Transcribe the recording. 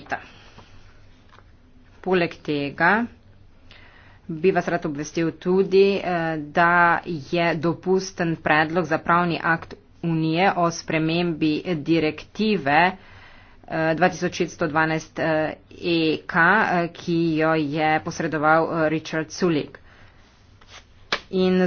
profita. Poleg tega bi vas rad obvestil tudi, eh, da je dopusten predlog za pravni akt Unije o spremembi direktive 2612EK, eh, e eh, ki jo je posredoval Richard Sulik. In z